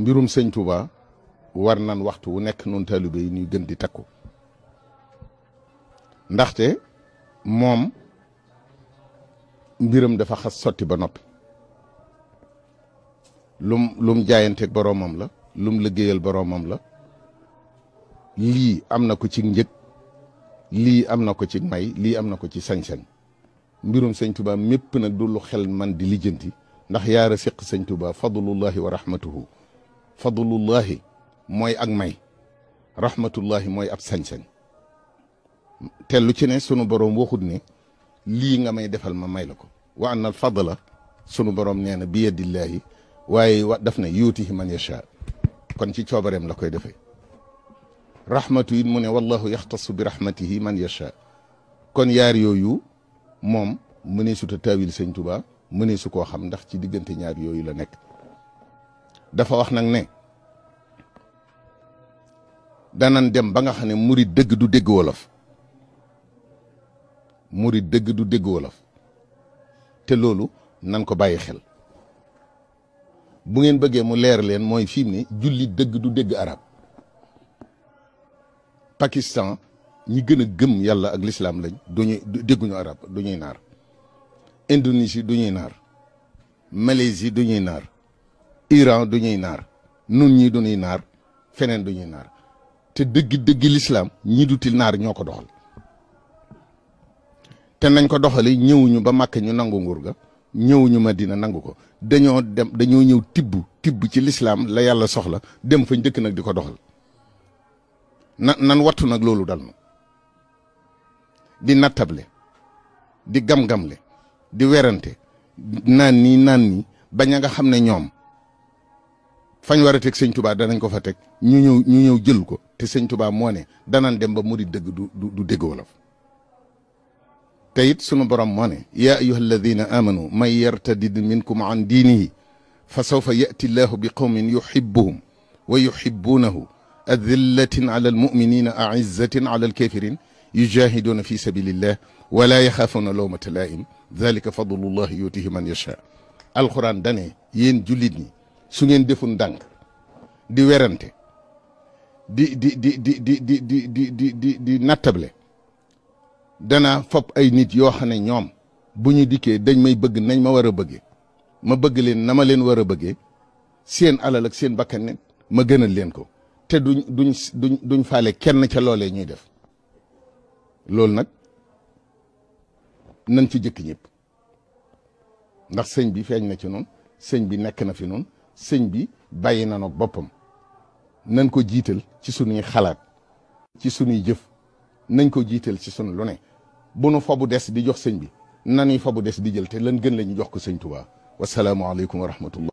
mbirum sëñ Touba war nan waxtu wu nekk noonu taalibe yi ñuy gën di takku ndaxte moom mbiram dafa xas sotti ba noppi lum lum jaayanteeg boroomam la lum liggéeyal boroomam la lii am na ko ci njëg lii am na ko ci may lii am na ko ci sañ-sañ mbirum sëñ Touba mépp nag du xel man di lijjanti ndax yaara siq sëñ Touba fadlullahi wa rahmatuhu الله موي اك ماي rahmatullahi الله موي اب سان سان lu ci ني سونو بروم واخوت ني لي nga may defal ma may lako wa an al fadla sunu borom neena bi yadillaahi waaye wa daf ne man yasha kon ci coobareem la koy defee rahmatu in mun wallahu yaxtasu bi rahmatihi man yasha kon yar yoyu mom mënee su ta tawil seigne touba mënee su xam ndax ci diggante ñaar yoyu la nek dafa wax nag ne danan dem ba nga xam ne muri dëgg du dégg wolof murid dëgg du dégg wolof te loolu nan ko bàyyi xel bu ngeen bëggee mu leer leen mooy fii mu ne jullit dëgg du dégg arab Pakistan ñi gën a gëm yàlla ak lislaam lañ duñuy dégguñu arab du ñuy naar Indonésie du ñuy naar Malaisie du ñuy naar Iran du ñuy naar nun ñii du naar feneen du ñuy naar te dëgg dëgg lislaam ñi duti naar ñoo ko doxal te nañ ko doxali ñëwuñu ba màkk ñu nangu nguur ga ñëwuñu dina nangu ko dañoo dem dañoo ñëw tibb tibb ci lislaam la yàlla soxla dem fa dëkk nag di ko doxal na nan wattu nag loolu dal na di nattable di gamgam le di werante naan nii naan nii bañ a nga xam ne ñoom fañ wara tek seigne touba danañ ko fa tek ñu ñëw ñu ñëw jël ko te seigne touba mo ne danañ dem ba murid deug du du deg wolof te it sunu borom mo ne ya ayyuhal ladhina amanu may yartadid minkum an dinihi fa sawfa yati allah bi qawmin yuhibbuhum wa yuhibbunahu adhillatin ala almuminina a'izzatin ala alkafirin yujahiduna fi sabilillah wa la yakhafuna lawmata laa'im dalika fadlullahi yutihi man yasha alquran dane yen julit ñi su ngeen deful ndànk di werante di di di di di di di di di di di nattable dana fab ay nit yoo xam ne ñoom bu ñu dikkee dañ may bëgg nañ ma war a bëggee ma bëgg leen na leen war a bëggee séen alal ak seen ma gënal leen ko te duñ duñ duñ duñ faale kenn ca loolee ñuy def loolu nag nañ ci jëkk ñépp ndax sëñ bi feeñ na ci noonu sëñ bi nekk na fi noonu sëñ bi bàyyi na nag boppam nañ ko jiital ci sunuy xalaat ci sunuy jëf nañ ko jiital ci sunu lu ne bu nu fabu des di jox sëñ bi nanuy fabu des di jël te lan gën la ñu jox ko sëñ Tuubaa wasalaamualeykum wa rahmatullah